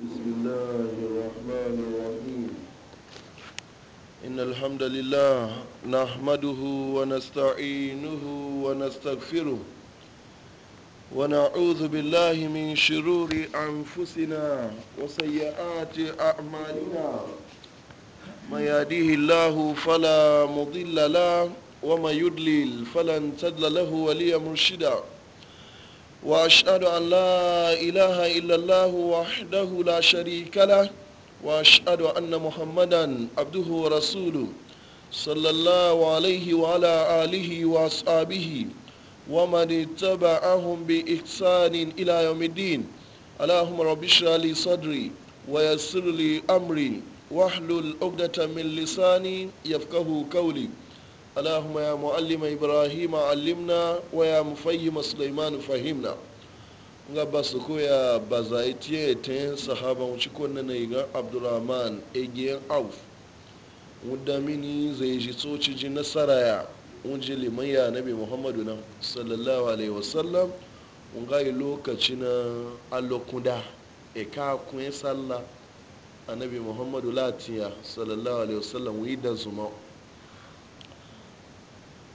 بسم الله الرحمن الرحيم إن الحمد لله نحمده ونستعينه ونستغفره ونعوذ بالله من شرور أنفسنا وسيئات أعمالنا ما يهديه الله فلا مضل له وما يضلل فلن تضل له وليا مرشدا واشهد ان لا اله الا الله وحده لا شريك له واشهد ان محمدا عبده ورسوله صلى الله عليه وعلى اله واصحابه ومن اتبعهم باحسان الى يوم الدين اللهم رب اشرح لي صدري ويسر لي امري واحلل عقده من لساني يفقهوا قولي اللهم يا معلم إبراهيم علمنا ويا مفهم سليمان فهمنا nga ba su koya ba za a tiye ta yin sahaba wuce kwanan na igar abdurrahman egiyan auf wadda mini zai ji tsoci ji nasara ya wunji liman ya nabi muhammadu nan sallallahu alaihi wasallam wunga yi lokaci na alokuda e ka kun sallah annabi muhammadu latiya sallallahu alaihi wasallam wi da zuma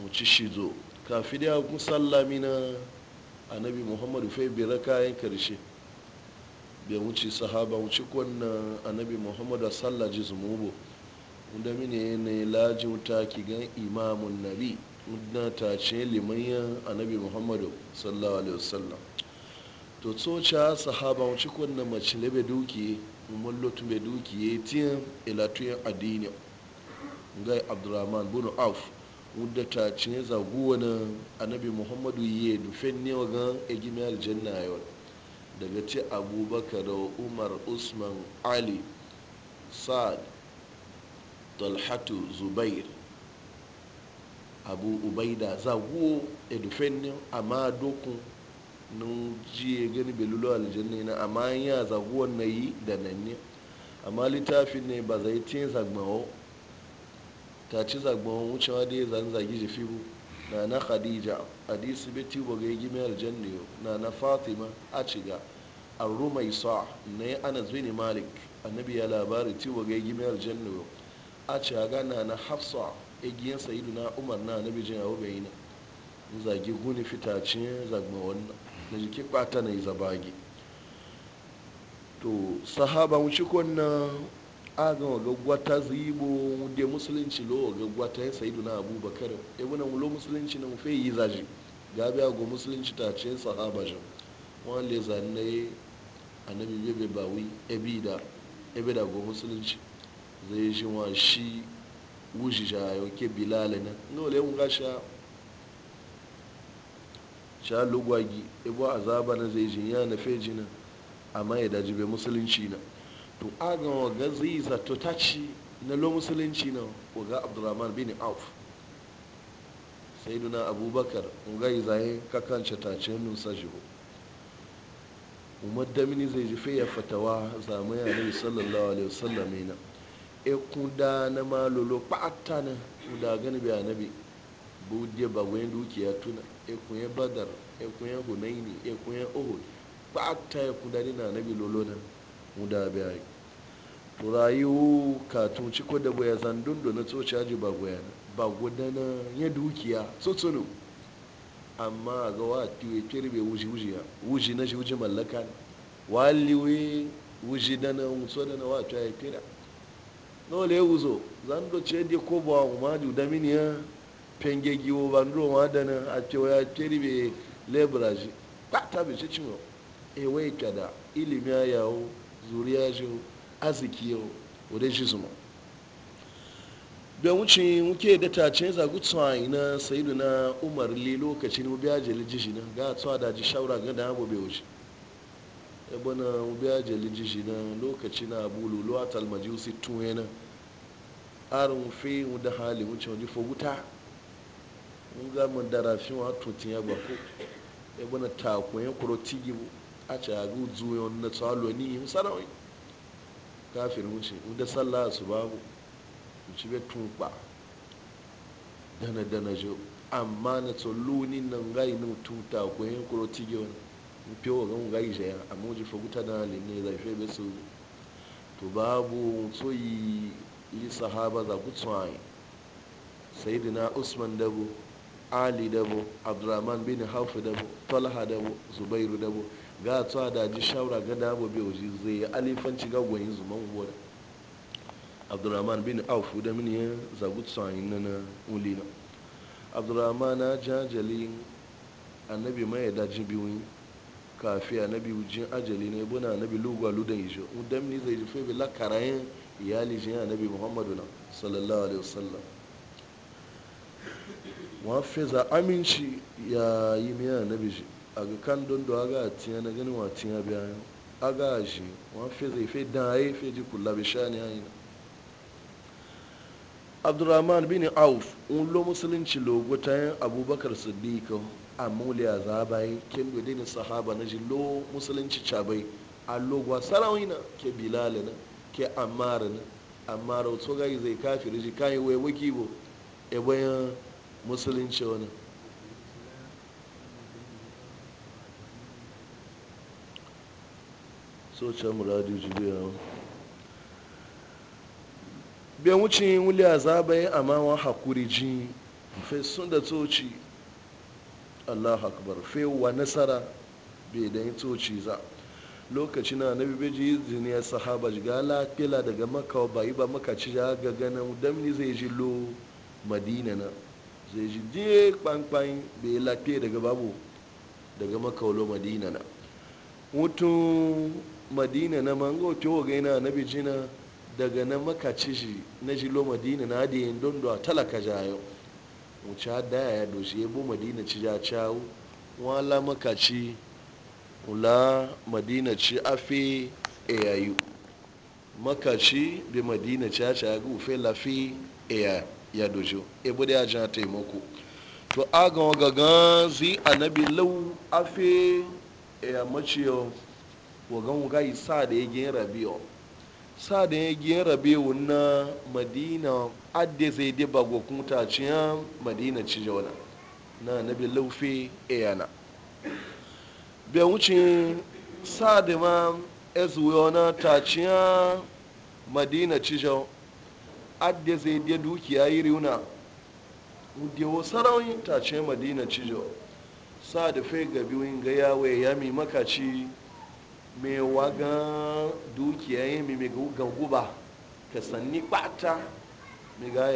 mu ci shizo kafin ya kun sallami na annabi muhammadu fai bai raka kayan karshe bai wuce sahaba wuce kwanna annabi muhammadu sallar ji zumubo wanda mini ne laji wuta ki gan imamun nabi na ta ce limanyan annabi muhammadu sallallahu alaihi wasallam to tsoca sahaba wuce kwanna mace labe duki mullutu bai duki ya yi tiyan ilatuyan addini gai abdurrahman bunu auf wadda ta cine zagu guwanin annabi muhammadu ye dufen ne wa gan egimi aljanna yau daga ce abubakar umar usman ali sa'ad talhatu zubair abu ubaida zaguwa ya e dufen ne amma dokun nun ji gani belulu aljanna na amma ya za na yi da nan ne amma littafin ne ba zai cin zagmawo ta ci zagon wucewa da ya zanzagi jifibu na na khadija hadisi ga yi gimiyar aljanniyo na na fatima a ciga an rumai sa na ya anas bin malik annabi ya labari ga yi gimiyar aljanniyo a ciga na na hafsa igiyan sayidu na umar na annabi jin yawo bai na zagi guni fitacin zagon wannan na jiki kwata na yi zabagi to sahaba wuce kwanan aga waga gwata zibo de musulunci lo wa gwata ya sayidu na abubakar ibuna e, lo musulunci na mafi yi zaji gabi ga musulunci ta ce sahaba jin wani le zane annabi bebe bawi ebi da ebe da go musulunci zai shi wa shi wuji ja ke bilale na nga wale mun ga sha sha lugwagi ebo azaba na zai ji ya na fejina amma ya daji bai musulunci na to aga waga zai zato ta ci na lo musulunci na waga Abdulrahman bin auf sai duna abubakar waga yi zahe kakance ta ce nun sajiho umar damini zai ji ya fatawa zamani a nabi sallallahu alaihi wasallam na e da na malolo pa'atta na kuda gani bi nabi bude ba wani dukiya tuna e kunye badar e kunye hunaini e kunye uhud pa'atta ya kuda ni na nabi lolo na muda biya to rayu ka tunci ko da boya zan dundo na to caji ba boya ba godana ya dukiya tsotsolo amma ga wa tiwe kirbe wuji wuji ya wuji na shi wuji mallaka waliwe wuji dana mutso dana wa ta ya kira dole wuzo zan do ce de ko ba mu maju da mini ya penge giwo bandro ma dana a ce ya kirbe lebraji ba ta bi ci cimo e wai kada ilimi ya yawo zuriya jo arziki yau wadda shi zuma bai wuce muke da tace zagu tsawa ina sayidu na umar li lokacin mu biya jeli jishi na ga tsawa da ji shawara ga da abu bai wuce ya na mu biya jeli jishi na lokacin na abu luluwa talmajusi tun yana arin fi mu da hali wuce wani foguta mun ga mu da rafi wa tutun ya ko ya bana takun ya kuro tigibu a cagu zuwa na tsalo ni musanawai kafin wuce inda sallah su babu wuce bai ba dana dana ji amma na tsallo ni nan gai nun tuta ko yin kuro tige wani mafi wa gan gai ya amma wuce faguta na halin ne zai fi bai su to babu tsoyi yi sahaba za ku sai dina usman dabo ali dabo abdurrahman bin haufu dabo talha dabo zubairu dabo ga da ji shawara ga dabo bai waje zai yi alifanci ga gwayin zuman da. abdurrahman bin auf da mini ya zagu tsayin na ulina abdurrahman na jajali annabi mai ji biyu kafi annabi wujin ajali ne buna annabi lugwa ludan shi. da mini zai ji bi lakarayen iyali jin annabi muhammadu na sallallahu alaihi wasallam wa fiza aminci ya yi miya annabi shi aga kan dondo aga tiya na gani wa tiya biya aga ji wa fe zai fe dan ayi fe ji kula bi shani ayi abdurrahman bin auf un lo musulunci logo ta abubakar siddiq a muliya zabai kin gode ni sahaba na ji lo musulunci cabai a logwa sarawina ke bilal na ke ammar na ammar to ga zai kafiri ji kai wai wakibo bo e bayan musulunci wani socha muradu jibiya bai wuce wuli a zabayin amawa hakuri ji fai sun da toci allah akbar fai wa nasara bai da yin toci za lokaci na nabi bai ji ziniyar sahaba ji gala fela daga makawa ba yi ba makaci ci ga gana damni zai ji lo madina na zai ji je kwankwan bai lafiya daga babu daga maka lo madina na mutum madina na mango to ga yana na bijina daga na makaci shi na jilo madina na da yin don da talaka jayo wuce hada ya shi ya bu madina ci ja cawo wala makaci wala madina ci afi e yayu makaci bi madina ci ci ya gufe lafi e ya dojo e da ya na taimako to agan gagan zi a bi lau afe e ya maciyo wagan gai sa da ya gina rabiyo sa da ya gina rabiyo na madina adda zai de bago kunta ciya madina ci jauna na nabi laufe eyana bai wuce sa da ma ezuwa ta taciya madina ci jau adda zai de dukiya yi riuna udewo sarawin ta ce madina jau sa da fai gabi gaya wai yami makaci mai wagan dukiya yi mai ga guba ka sanni ɓata mai ga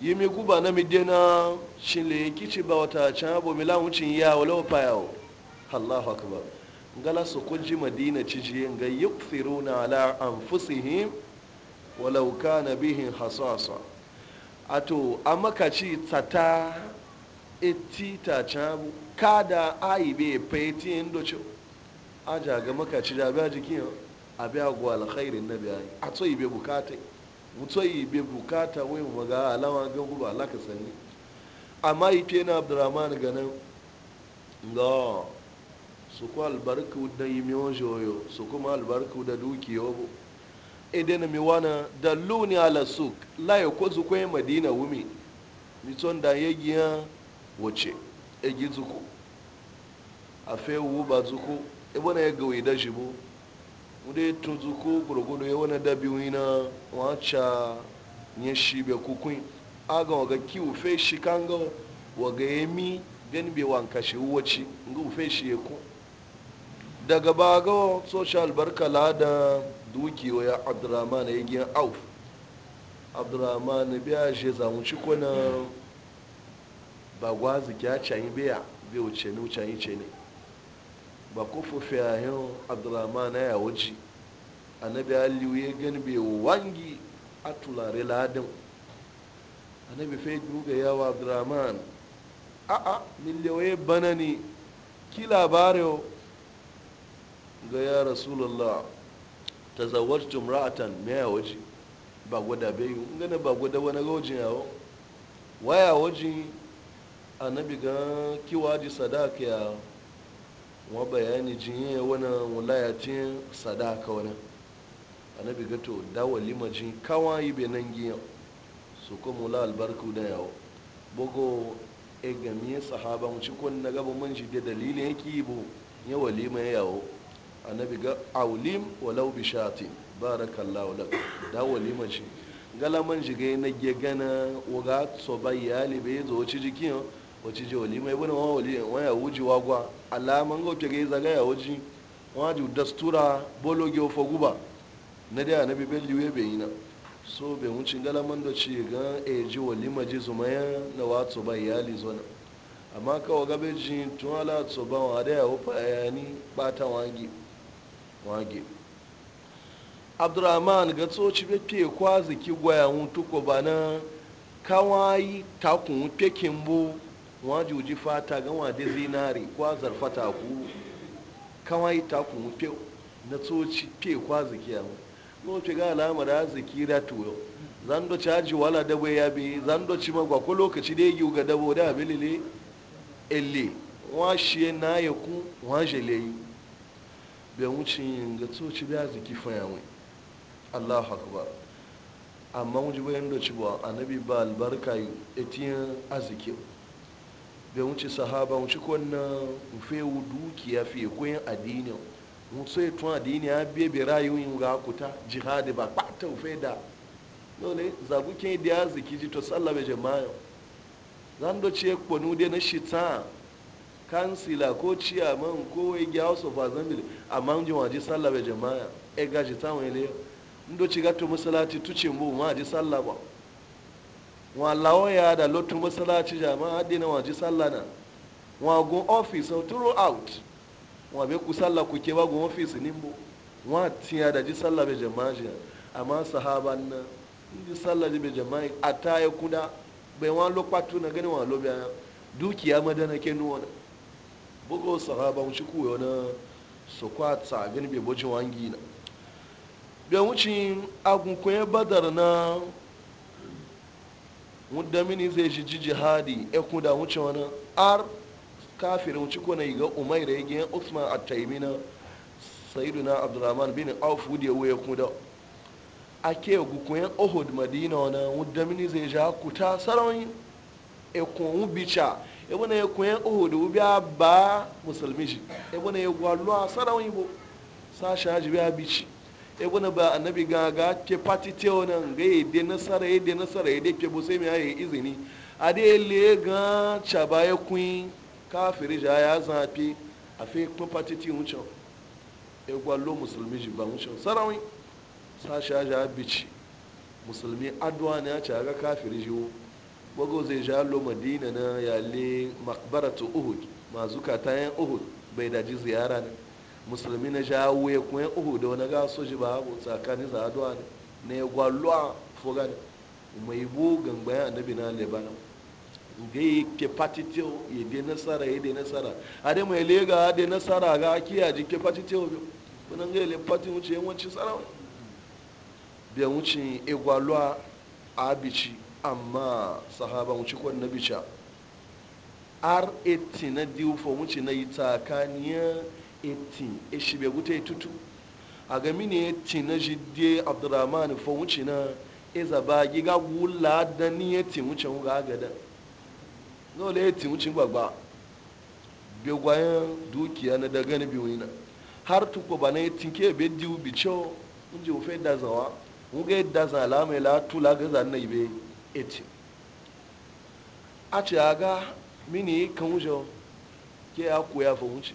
yi mai guba na midena shi le kici ba wata can abu mila lamucin ya wa wafa yawo allahu akbar gala su ji madina ciji ga yukfiruna ala anfusihim walau kana bihin hasasa ato a makaci tsata ta can kada aibe faiti indocin aja ga makaci da biya jikin abiya go alkhairin na biya a tsoyi bai bukata mutsoyi bai bukata wai mu ga alama ga guba Allah ka sani amma ite na Abdurrahman ganin ga su ko albarku da yi miyo joyo su kuma albarku da dukiyo bo idan mi wana dalluni ala suk la yakuzu ko madina wumi mi ton da yegiya wace egi a afe wu ba zuku ibana e ya gawai da shi bu wude tunzu ko gurgudu e ya wani dabi wina wacce ya shi bai kukun aga waga ki fai shi kan ga waga ya mi gani bai wa shi wuwaci ga fai shi ya ku daga baga social barka lada duki waya abdurrahman ya gina auf abdurrahman biya shi zamu ci kuna bagwazi gwazi kya canyi biya bai wuce ni wuce ni ce ne ba kofo fiyayen na ya wuce annabi aliyu ya gani bai wangi a tulare ladin annabi fai duga yawa a a'a miliyoyi bana ne ki labarin ga ya rasulullah ta zawar jumra'atan mai ya wuce ba gwada bai yi gana ba gwada wani gaujin yawo waya wajen annabi ga kiwa di sadaka yawo wa bayani jinye wani wulayacin sadaka wani annabi gato dawa limajin kawai nan giya. su kuma wula albarku da yawo bugu e gamiye sahaba mu cikon na gaba man shi da dalilin yake yi bu ya walima mai yawo annabi ga aulim walau bi shatin barakallahu lak da walima shi gala man shi ga na gegana waga so bayali bai zo ci jikin wacce walima ibn wa wali ya wuji wagwa alaman go pege zaga ya wuji waju dastura bolo ge fo guba na da annabi belli bai yi na. so bai mun cin galaman da ci ga a ji ma ji zumaya na watso ba yali zona amma ka waga ji tun ala tso ba wa da ya hofa yani bata wangi wangi abdurrahman ga tsoci be pe kwazi ki gwaya hun tuko bana kawai takun pekin bu wajuji fata ga wade zinari kwa zarfata ku kawai ta kuma na tsoci fiye kwa zikiya lokaci ga alamar arziki da tuyo zan doci caji wala dabo ya bi zan doci ci magwa ko lokaci da yi ga dabo da abilile ele wa shi na ya ku wa le yi bai wuce yin ga tsoci da arziki faya mai allahu akbar amma wujibayen da ci ba annabi ba albarka yi etiyan arziki da wuce sahaba wuce kwanna duki dukiya fiye koyin adini mutu ya tun adini ya biya be rayuwin ga kuta jihadi ba kwata ufe da dole zagu ke da ya ziki ji to sallabe jama'a zan doce ya kwanu de na shita kansila ko ciya man kowai gya wasu fazan amma ji waje sallabe jama'a e gaji ta wani le ndo gato masalati tuce mu ma ji sallaba. ba wa lawaya da lotun masalaci jama'a dina waji sallah na wa go ofis so throughout wa be ku sallah ku ke wa go office nimbo wa tiya da ji sallah bai jama'a jiya amma sahaban na ji sallah bai jama'a a ta yi kuda bai wa lo na gani wa lo be dukiya madana ke nuwa bugo sahaban shi ku yana so kwa ta gani be boji wangi na bai wucin agun ko badar na wadda mini zai ji ji jihadi ya kuda wuce wani ar kafin wuce kone ga yi ga ya gina usman a taimina na abdurrahman bin auf wuda ya kuda ake gukuyen ohud madina wani wadda mini zai ji hakuta sarauni ya kuwa bica ya wani ya kuyen ohud a ba musulmi ji ya wani ya gwallo a sarauni bo sashen haji biya bici e wani ba annabi ga ga ke pati te wannan ga yi de nasara yi de nasara yi de ke bu sai mai ayi izini a dai le ga chaba ya kuin kafiri ja ya zafi a fe ko pati ti huncho e gwallo musulmi ji ba huncho sarawi sa sha ja bici musulmi adwa ne a ga kafiri ji wago zai ja lo madina na yale makbaratu uhud ta yan uhud bai daji ziyara ne musulmi na ja wuye kuma ya uhu da wani ga soji ba abu tsakanin za aduwa ne na ya gwalluwa foga ne mai bu gangbaya annabi na lebanon ga yi ke patitio ya de nasara ya de nasara a dai mai lega de nasara ga kiya ji ke patitio biyu kuna ga ile patin wuce yin wancin tsarawa biyan wuce ya igwalluwa a abici amma sahaba wuce kwan na bica r80 na diufa wuce na yi takaniyar eti eshi bai gute tutu a ga mini ya ci na jide abdurrahman fa wuce na iza ba giga gula da ni ya ci wuce wuga agada n'o ya ci wuce gbagba bai dukiya na daga ni biyu na har tuko ba na ya tinke bai ubi cewa in ji wufe da zawa wuga yadda da zan alama latu laga ga zan na ibe eti a ce a ga mini kan wuce ke ya koya fa wuce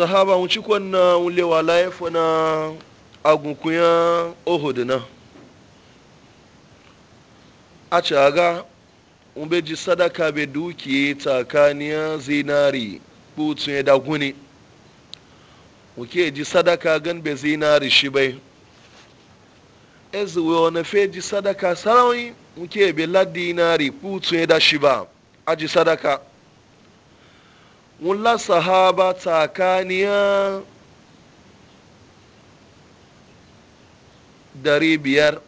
sahaba ŋun ci kɔn na ŋun le wala ye fana agunkunya na a ci ŋun ji sadaka be dukiye takaniya zinari kutsun ya daguni ŋun ke ji sadaka gan bɛ zinari shi bai ezuwe wani fe ji sadaka sarawin ŋun ke bɛ ladinari kutsun ya da shi ba a ji sadaka wula sahaba tsakaniya dari biyar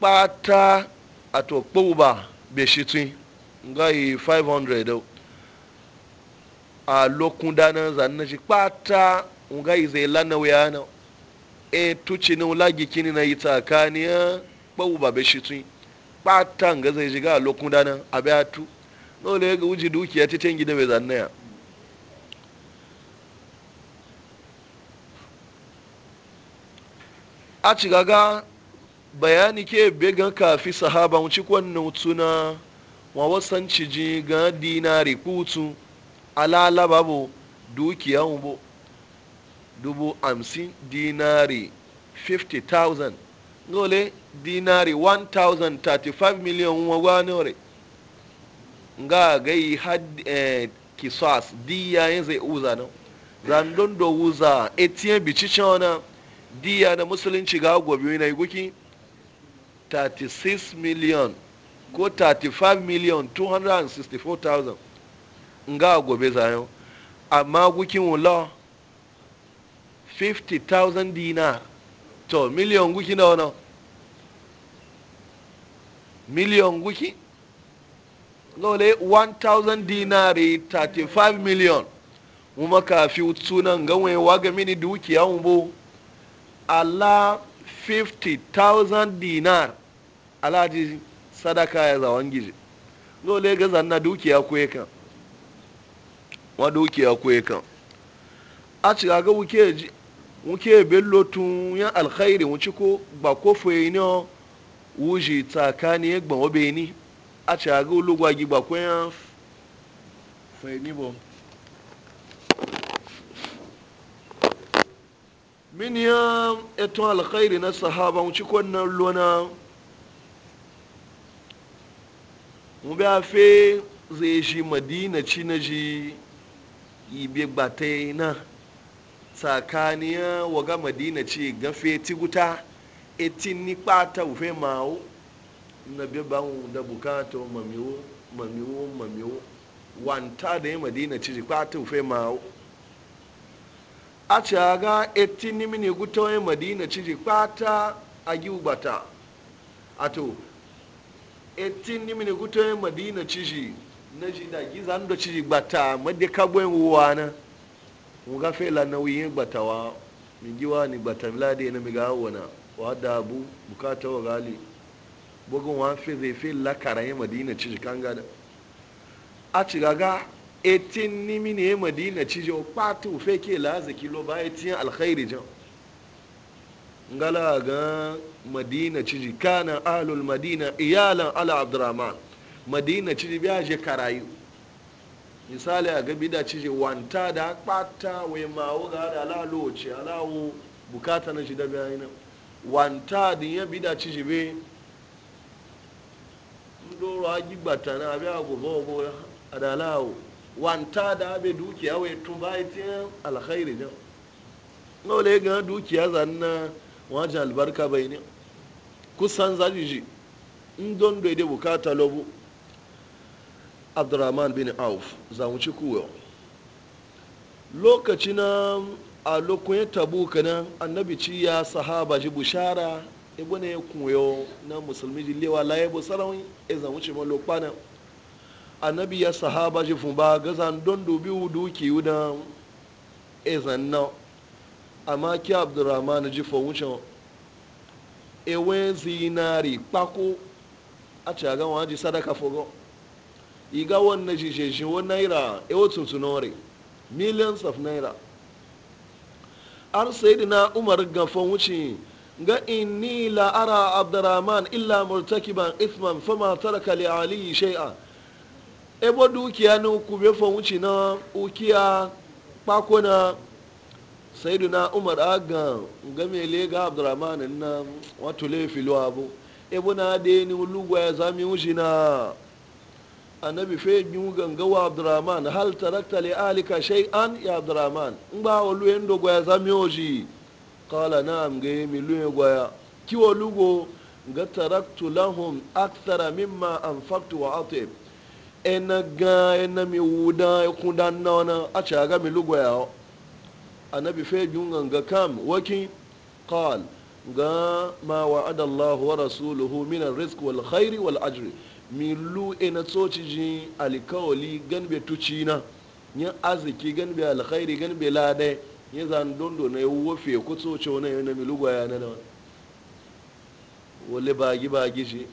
ɓata a to kpogba beshitin nga yi 500 a lokun dana zanna shi ɓata nga yi zai lana na e tuci na wula gikini na yi tsakaniya kpogba beshitin ɓata nga zai shiga a lokun dana a tu. dole ga wuji dukiya ta can gida bai zannaya a ci gaga bayani ke ka kafi sahaba wuci kwanne wutu wa wasan ciji ga dinari kutu alala babu dukiya bo dubu hamsin dinari 50,000 dole dinari 1,035 miliyan wagwanore nga gai had eh, kisas ya yin zai uza nan randon do wuza etiyan bici cewa ya na musulunci ga gobe na guki 36 million ko 35 million 264,000 nga gobe zayon amma gukin wula 50,000 dinar to miliyan guki na wana miliyan guki lole 1000 dinari 35 million kuma makafi sunan ganwewa ga mini dukiya mu bo ala 50,000 dinar alaji sadaka ya zawon gizi lole ga zanna dukiya kuwa kan wa dukiya kuwa kan a cika ga wuke bello tun yan alkhairi wuce ko ba ko fuyi ne wuji tsakani ya gbawo beni a ci aga olugwa gi gba kwenya fahimi bo min ya eto alkhairi na sahaba mu ci na lona mu bi zai shi madina ci na ji ibe gbata na tsakaniya waga madina ci gafe tiguta etin ni kpata ufe ma'u na bi ban da bukata mamiwo mamiwo mamiwo wanta da yi madina ci kwata ufe ma a ci aga eti ni ne guto yi madina ci kwata a gi ubata a to eti ni ne guto yi madina ci na ji da gi zan da ci gbata madde kagwen wuwa na mu fela nauyin gbatawa mi giwa ni gbata milade na mi ga wana wa da abu bukata wa gali bugun wa zai fi lakara ya madina ciji kan gada a ci gaga 18 nimi ne ya madina ciji o patu fe ke laziki lo baya tiyan alkhairi jan ngala ga madina ciji kana alul madina iyalan ala abdurrahman madina ciji biya je karayu misali a gabi da cije wanta da kpata wai mawu ga da laloce alawo bukata na shida bayan wanta din ya bi da cije be ndoro agigbata na abia gobe gobe adalawo wanta da abe dukiya wai tun ba ita alkhairi ne ngole ga dukiya zanna wajen albarka bai ne kusan zaliji ndon da bukata lobu abdurrahman bin auf zamuci kuwa lokaci na a lokacin tabuka nan annabi ci ya sahaba ji bushara ibana ya kunyo na musulmi lewa laye bo sarawin ezan wuce ma lokpana annabi ya sahaba ji fun ba gazan don dubi wudu ki yuda ezan na amma ki abdurrahman ji fo wuce ewe zinari pako a ci aga wa ji sadaka fogo iga wannan ji wa naira ewo ore millions of naira ar sai na umar gafan wuce ga inni la ara abdurrahman illa murtakiban isman fama taraka li ali shay'a ebo dukiya ku be fo wuci na ukiya pako na sayyiduna umar aga ga le ga abdurrahman na wato le filo abu ebo na de ni lugwa ya zami wuci na annabi fe gin wa abdurrahman hal tarakta li alika shay'an ya abdurrahman in ba wulu endo ya zami wuci kala na'am ga yi luye gwaya kiwo lugo ga taraktu lahum akthara mimma anfaqtu wa atib ena ga ena mi wuda e kunda nona a ca ga mi lugo ya annabi fe jungan ga kam waki qal ga ma wa'ada Allah wa rasuluhu min ar-rizq wal khairi wal ajri mi lu ena tsoci ji alkawli gan be tucina nya arziki ganbe be alkhairi gan be ya zan dondo na ya wofe ko ce wani yana miluwa ya na wani wale bagi bagi shi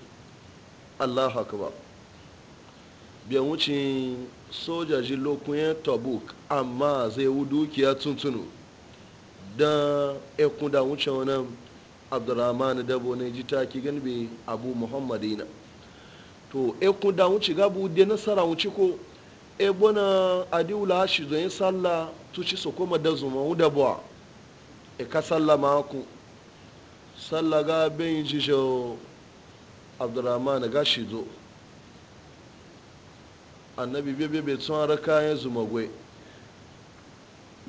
haka ba biyan wucin soja ji lokuyen tabuk amma zai wu dukiya tuntunu don ekun da wucin wani abdurrahman dabo na ji taki ganbe abu muhammadina to ekun da wuce gabu da nasara wuce ko ebona adiwula shi zoyin sallah tuci su kuma da zuma wuda buwa e ka sallah maku sallah ga bin jisho abdurrahman ga shi zo annabi bebe bai tsohon raka ya zuma gwe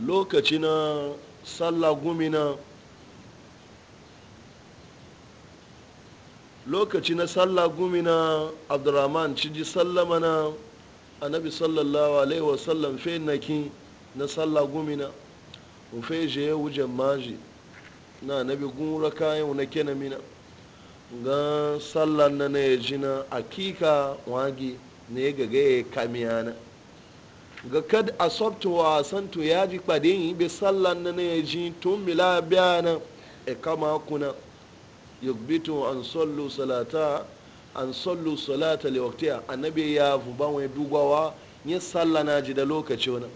lokaci na sallah na lokaci na sallah gumina abdurrahman ci ji sallama na annabi sallallahu alaihi wasallam fe naki na sallah gumina o fe je wujen maji na annabi raka kayan na kena mina ga sallah na na ya jina akika wagi ne ga ga ya kamiyana ga kad asabtu wa santu ya ji kpadin bi sallah na na ya ji tun mila biyana e kama kuna yugbitu an sallu salata an sallu salata li waqtiha annabi ya ban wani dugawa ya salla na ji da lokaci wani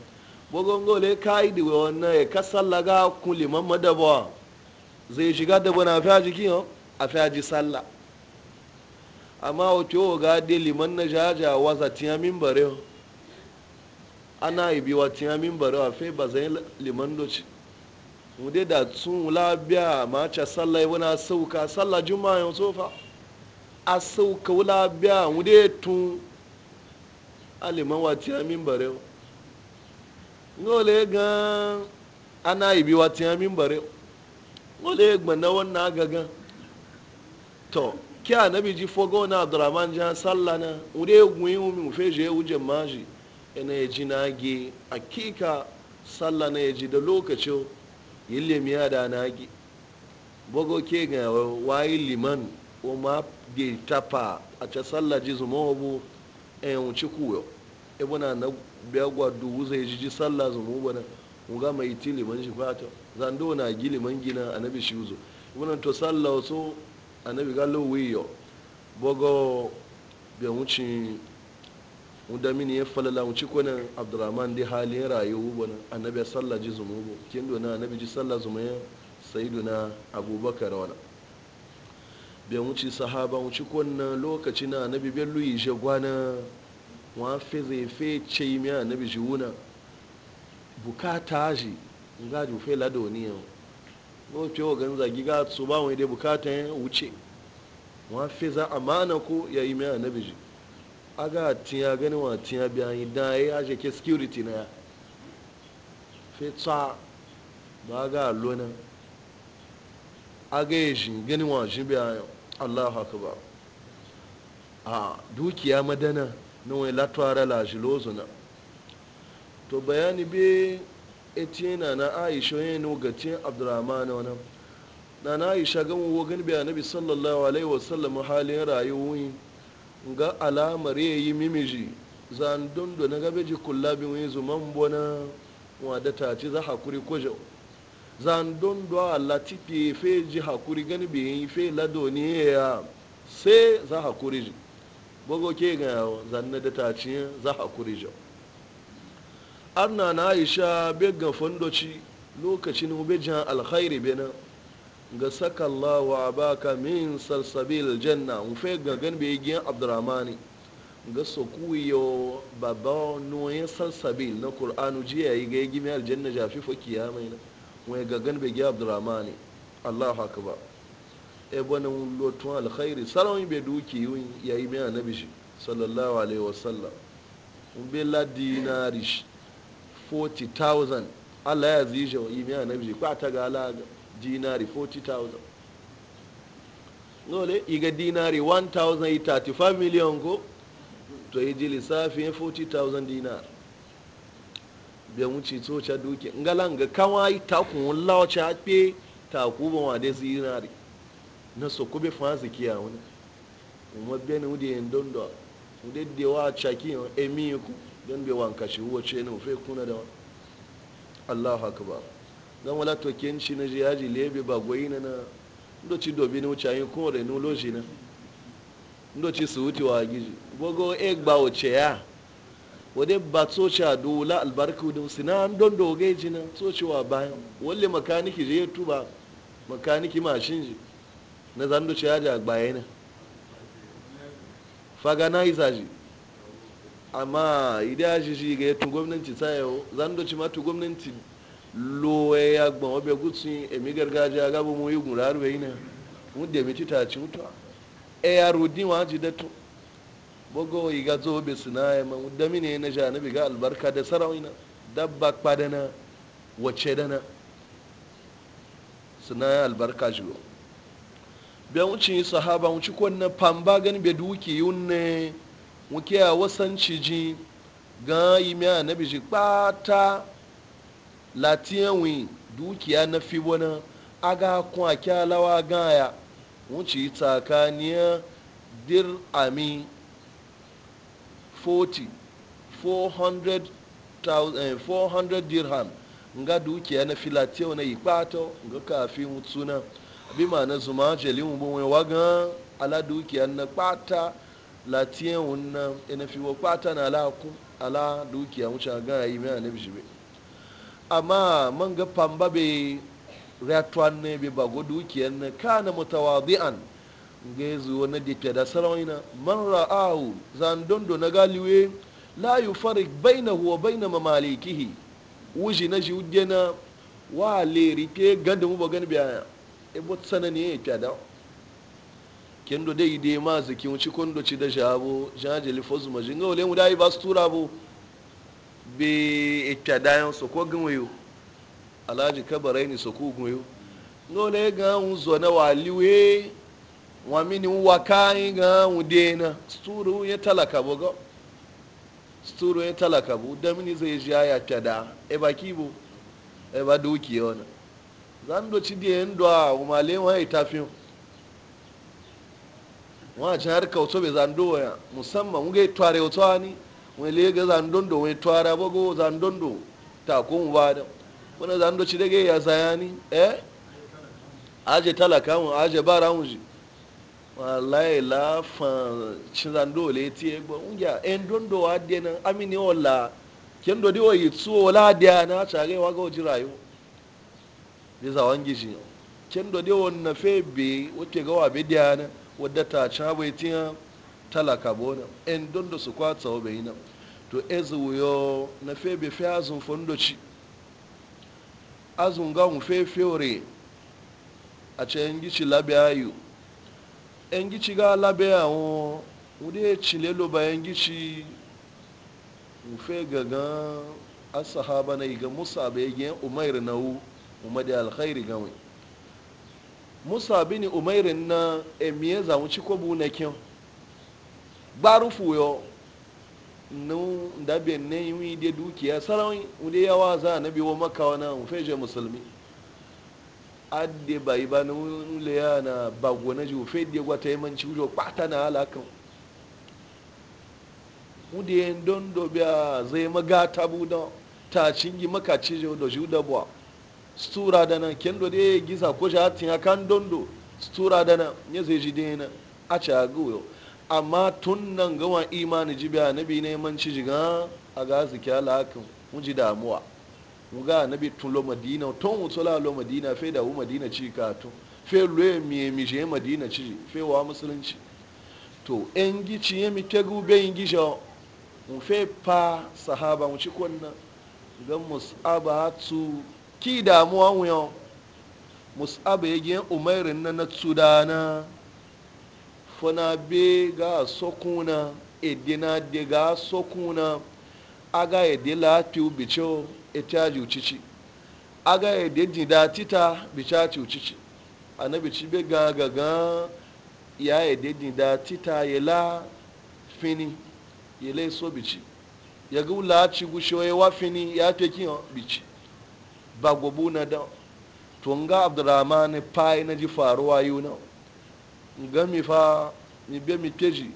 bugungo le kai da wannan ya ka salla ga ku liman ba zai shiga da bana faji kiyo a faji oh, ji salla amma wato ga de liman na jaja waza tiya minbare oh. ana ibi wa tiya minbare a fa ba zai liman doci mu dai da tun labiya ma ta sallah wani sauka sallah juma'a yau sofa asau kawula biya wude tun alimawa tiya amin bare ngole gan ana ibi wa tiya bare ngole gba na wannan gaga to ki anabi ji fogo na abdurrahman jan sallah na wude gwi mu fe je wuje maji ina yaji na gi akika sallah na ji da lokacin yille miya da gi bogo ke ga wa liman o ma bai tapa a ta sallaji zuma wabu en wuci e ibuna e na biyagwa dubu zai ji ji sallah zuma wabu na muga mai tili liman shi fata zando na gili liman gina anabi shi uzo ibuna e to sallah so anabi galo wiyo bogo bai wuci wanda mini ya falala wuci kona abdurrahman dai halin rayuwa bana anabi sallah ji zuma wabu kin na anabi ji sallah zuma ya sayyiduna abubakar wala bai wuce sahaba wuce kwanan lokaci na annabi bai luyi shi gwana wa fi zai fi ce yi miya annabi shi wuna bukata shi ga ji fe lado ni yau no ce wa ganza giga su ba wani dai bukata ya wuce wa fi za mana ko ya yi miya annabi a ga tiya gani wa tiya biya yi da ya je ke security na ya fe tsa ba ga lona ga yi shi gani wa shi biya yau allahu akbar a dukiya madana na wani latuwara lajilozo na to bayani be etina na na aisha yin nugacin abdurrahman wani na na aisha gama wogin biya na sallallahu alaihi wasallam halin rayuwi ga alamar ya yi mimiji zan dundu na gabeji kullabin bin wani zuman bona wadda ta za hakuri ko jau zan don do fe ji hakuri gani be yi fe lado ne ya sai za hakuri ji bogo ke ga zanna da taci za hakuri ji anna na Aisha be ga fondoci lokacin ube jan alkhairi bena ga saka Allah wa baka min salsabil janna mu fe ga gan be gi Abdurrahmani ga sokuyo babba noyin salsabil na Qur'anu jiya yi ga yi gimi aljanna jafi fa kiyamai na wani gagan bai gya abdurrahmani allahu akbar e bana lotun alkhairi sarawin bai duki yun yayi mai annabi shi sallallahu alaihi wasallam un bai la dinari 40000 Allah ya zije yi mai annabi shi kwa ta gala dinari 40000 nole iga dinari 1000 35 million ko to yi ji lissafin 40000 dinar bia wuce so cha duke ngala nga kawai ta kun wallawa ca pe ta ku ba ma dai zinari na so ko be fa ya wani kuma be ne wudi en do wudi de wa cha ki on emi ku don be wanka shi wo ce ne fe kuna da Allahu akbar dan wala to ken shi na jiyaji lebe ba goyi na ndo ci dobi ne wuce ayin ko re no loji na ndo ci su wuti wa giji gogo egba o ce ya wani ba tsoci a dola albarka wadda suna an don dogai jina tsocewa bayan wani makaniki je ba makaniki mashin ji na zando ce yaji a bayana faga na yi zaji amma idan ya ji ji ga yato gwamnati ta yau zando ci mata gwamnati lowe ya gban wabe gutsun emi gargajiya gaba mu yi gura ruwa yi na wadda mai ci ta ci mutuwa e ya wa ji datu. bogo iga zobe sunaya ma damine na janibi ga albarka da sarauna dabba kpadana wace dana sunaya albarka jiwo biya wuce sahaba wuce kwanne famba gani bai duki yunne wuke a wasan ciji ga yi a na ji kpata latiyanwi dukiya na fi a ga kun a kyalawa gaya wuce tsakaniya dir amin. 40 400 eh, dirham nga dukiya na filatiyo na kpato, nga kafi mutsuna bi ma na zuma jeli mu mun waga ala dukiya na kpata latiyan wunna ina fi wa kpata na ala ku ala dukiya mu cha ga yi me anabi jibe amma man ga pamba be ratwan ne be bago dukiya na kana mutawadi'an ngai zuwa na da fiye da saraunina man ra'ahu dondo na galiwe la yi farik bai na huwa bai na mamalikihi wuji na ji wuje na wa leri ke gada mu ba gani biya e bot sana ne fiye da kendo dai dai ma zaki wuci kondo ci da jabo jaje li fozu ma jinga wale mu dai ba su tura bo be e fiye da yan so ko wayo alhaji kabarai ne so ko wayo nole ga un zo na waliwe wa mini wa kayi ga wude na sturu ya talaka bu ga sturu ya talaka bu da mini zai ji ya ta da e ba bu e ba duki wani zan do ci a? yin da kuma lewa ya fi wa ci har so be zan do ya musamman mu ga tware wato ni Mu le ga zan don do wani tware ba go zan don do ta kun ba da wannan zan do ci de ga ya sayani eh aje talaka mu aje bara mu ji wallahi la fan chinzando le ti egbo ngya endondo wa de na amini ola kendo di oyi tu ola de na chare wa go jira yo biza wangi shi kendo di won na fe be wote ga wa be de na wadda ta cha bai tiya talaka bona endondo su kwatsa obe ina to ezu yo na fe be fe azun chi azun ga mu fe ore a cikin gishi labiyayu yan gici ga labe awon wude cile lo ba yan gici ufe gaga asahaba na iga musa bai gen umair na wu umadi alkhairi gawai musa bin umair na emiye zan ci ko bu na kyan gbarufu yo nun dabe ne yi de dukiya sarawin wude yawa za na biyo maka wani ufe je musulmi adde ba iba na wule ya na bago na jo fe de gwata ci wujo kpata na alakan wude yin don dobe a zai magata tabu don ta cingi ci jo da ju da buwa stura da nan kendo de gisa ko sha hatin don dondo stura da nan ya zai ji dena a ci a amma tun nan gawa imani jibi a nabi na yamanci jiga a ga ala kyala hakan wuji damuwa na bi tun lo madina ton wutola lo madina fe da wu madina ci ka to fe lo mi mi je madina ci fe wa musulunci to en gi ci ye mi kegu be en gi jo mu fe pa sahaba mu ci konna ga mus'aba tu ki da mu yo mus'aba yage umairin na na tsudana na be ga sokuna edina de ga sokuna aga edila tu bicho E ji ucici aga ya e ji da tita ci ucici anabi ci be ga ga ga ya ya e ji da tita ya la fini ya la so bici ya ga wula ci gushe ya wa fini ya te kin bici ba gobu na da nga abdurrahman pai na ji faruwa yau na mi fa mi be mi teji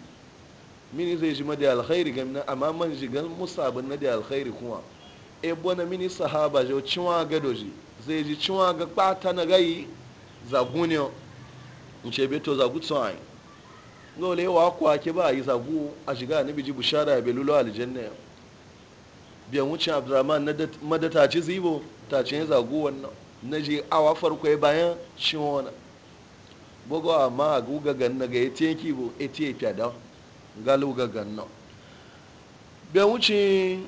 mini zai ji ma da alkhairi gamna amma man ji jigan musabun na da alkhairi kuma ebo na mini sahaba jo cinwa ga doji zai ji cinwa ga kpata na gai zagunyo nce beto zagu tsohon gole wa ku ake ba a yi zagu a shiga ni biji bushara ya belulo aljanna biyan wuce abdurrahman na madata ci zibo ta ce ya zagu wannan na je awa farko ya bayan ciwon bugu amma a guga ganna ga ya tenki bo etiye fiye da galu ga ganna biyan wuce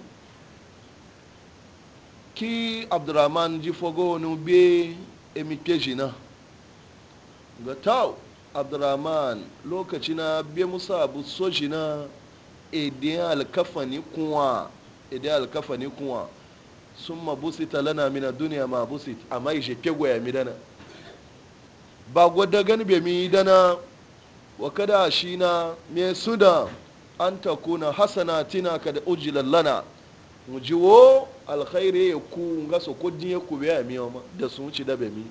ki abdurrahman ji fago ni e gbé emipeji na ga tau abdulrahman lokaci na be musa abu soji na e idan alkafani kuwa e idan alkafani kuwa sun mabusita lana mina duniya ma mabusit amma ishe kegwa ya dana ba gwada gani bai mi dana wa kada shi na me su da an takuna tina kada ujilan lana mujiwo alkhairi ya ku nga so ko ya ku be ami ma da sun ci da be mi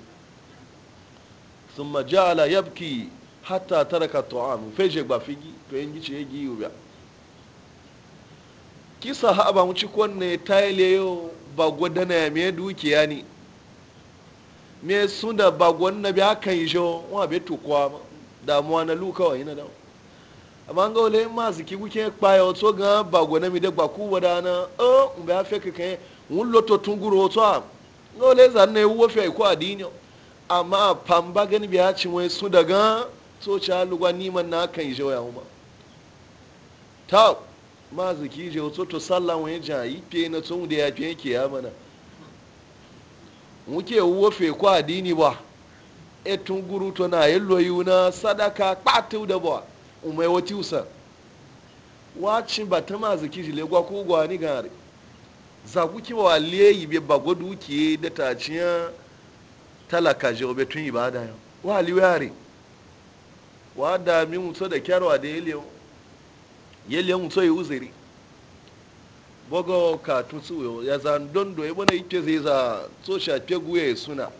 summa ja'ala yabki hatta taraka ta'am feje gba figi to yin gice yegi ubiya ki sahaba mu ci ne tayle yo ba godana ya me dukiya ni me sun da ba na bi aka yi jo wa be to kwa damuwa na luka wa na dawo amma ga wale ma su ki kpaya wato ga ba gona mi da ku wada na o mbe afe ka kai wun loto tunguru wato a ga wale zan ne wo fe ko adini amma pamba gani biya ci wai su daga so cha lugwa ni man na kan je ya umma ta ma ki je wato to sallan wai ja yi pe na tun da ya pe ke ya mana muke wo fe ko adini ba e tunguru to na yello yuna sadaka patu da ba umai wati usa wacin ba ta mazu kiji legwa ko gwani gare ki wa leyi be bago dukiye da ciya talaka je obe tun ibada yau wa liware wa da mi mutu da kyarwa da yele yele mutu yi uzuri bogo ka tutsu ya zan dondo ya na ike zai za so shafe guye suna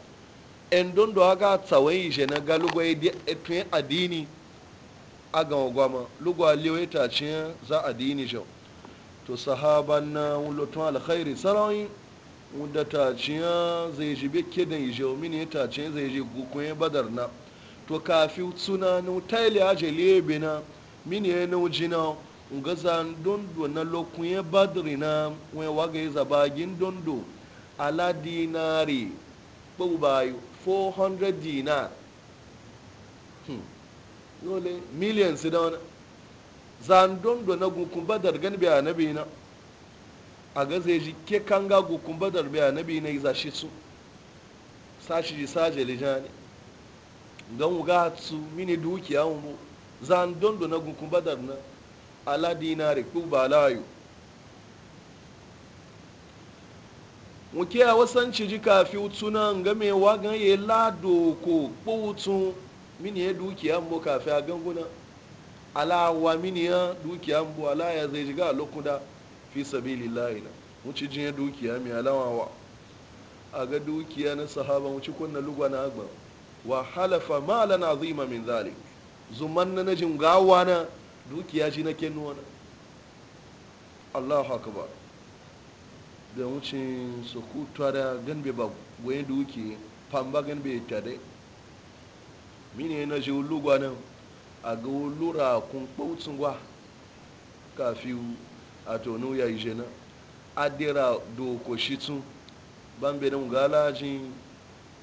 en dondo aga tsawon yi je na galugo ya tun adini a ga gwama lugwa liwe ta ce za a dini jau to sahaban na wulotun alkhairi sarawin wadda ta ce zai ji bekke da jau mini ta ce zai ji gukunye badar na to kafi suna nu taili aje lebe na mini ya nau jina ga zan dondo na lokunye badar na wani waga ya zabagin dondo ala dinari bayu 400 dinar dole miliyan su da wani zandon da na gukumba badar gan biya na biyu na a ga zai ji ke kan ga gukun badar biya na biyu na yi zashi su sashi ji saje lijani don wuga su mini dukiya mu zandon da na gukumba badar na aladina dinari ku ba layu wuke a wasan ciji kafi tunan game wa wagan ya lado ko kputun mini ya dukiya mu kafi a ganguna ala wa mini ya dukiya mu ala ya zai shiga lokuda fi sabilillahi na wuce jin ya dukiya mai alawa wa a ga dukiya na sahaba wuce kunna lugwa na agba wa halafa malan azima min zalik zuman na najin gawa na dukiya shi na kenuwa na Allahu akbar da wuce su da ganbe ba wani duki famba ganbe tare mine na je lugwa nan a ga lura kun kpautsun kafi a tonu ya jena adira doko shi tun ban benin galajin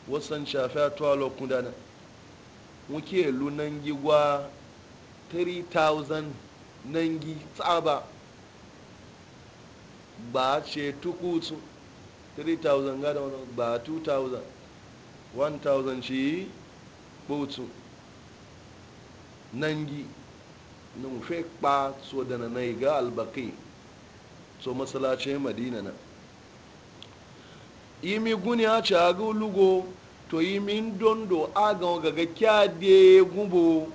wasan shafi a tuwalo kunda na muke lunan gigwa 3,000 nangi tsaba ba ce tukutu 3,000 gada wani ba 2,000 1,000 ci kpootu nangi nufe kpa so da na ga albaki so masalacin madina na Yi mi guni a ci aga lugo to yi min dondo aga ga kya de gubo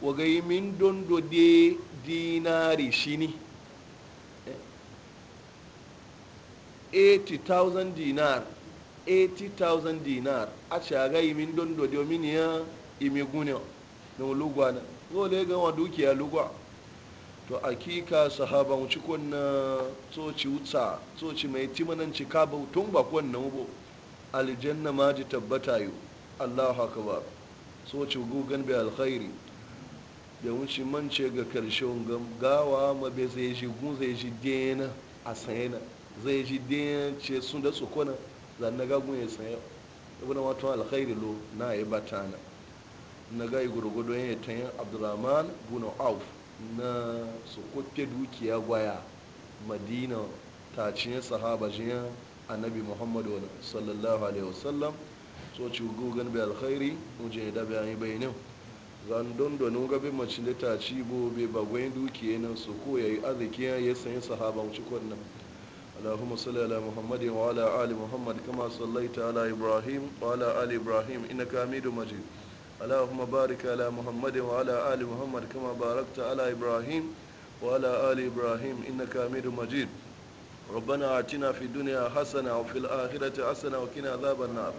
waga yi min dondo de dinari shini 80,000 eh, dinar 80,000 dinar a shaga imin dondo domin ya imi gune na lugwa na dole ga wa dukiya lugwa to akika sahaba wuce cikon tsoci wutsa tsoci mai timanan ka bautun tun na ubo aljanna ma ji tabbata yi. Allahu akbar tsoci gugan bai alkhairi da wuce mance ga karshen gawa ma bai zai ji gun zai ji dena a sayana zai ji dena ce sun da tsokona zanna gagun ya yesu ibn wato alkhairi lo na yi batana na ga gurgudu ya ta yin abdurrahman bin auf na su dukiya gwaya madina ta cinye sahaba jiya annabi muhammadu sallallahu alaihi wasallam so ci gugun bai alkhairi muje da bayani bayanin zan dondon gabe macin da ta ci gobe bagwai dukiya nan su ko ya yi arziki ya sanya sahaban cikon nan اللهم صل على محمد وعلى آل محمد كما صليت على إبراهيم وعلى آل إبراهيم إنك حميد مجيد اللهم بارك على محمد وعلى آل محمد كما باركت على إبراهيم وعلى آل إبراهيم إنك حميد مجيد ربنا آتنا في الدنيا حسنة وفي الآخرة حسنة وقنا عذاب النار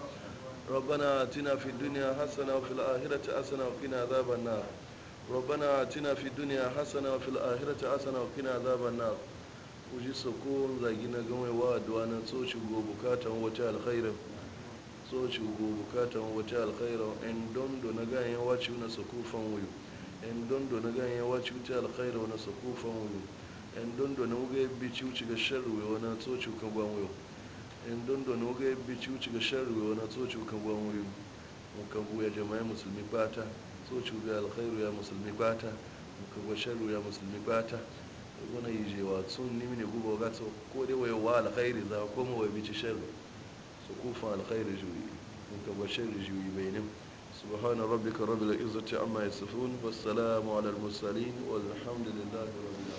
ربنا آتنا في الدنيا حسنة وفي الآخرة حسنة وقنا عذاب النار ربنا آتنا في الدنيا حسنة وفي الآخرة حسنة وقنا عذاب النار kuji ko zagi na gama wa aduwa na tsoci go bukatan wata alkhairar tsoci go bukatan wata alkhairar in dondo na ganyen waci na sakufan wuyu in dondo na ganyen waci wuta alkhairar na sakufan wuyo in dondo na wuga yabbi ci wuce ga sharuwa wuyo na tsoci kan gwan wuyo in dondo na wuga yabbi ci wuce ga sharuwa wuyo na tsoci kan gwan wuyo mu kan buya jama'a musulmi bata tsoci ga alkhairu ya musulmi bata mu kan gwa sharuwa ya musulmi bata wani tun watsun nimini gubo gato ko dai wai wa alkhairi za ko mu wai bici sharri su kufa alkhairi juyi in ka ba sharri juyi bainin سبحان ربك رب العزة عما يصفون والسلام على المرسلين والحمد لله رب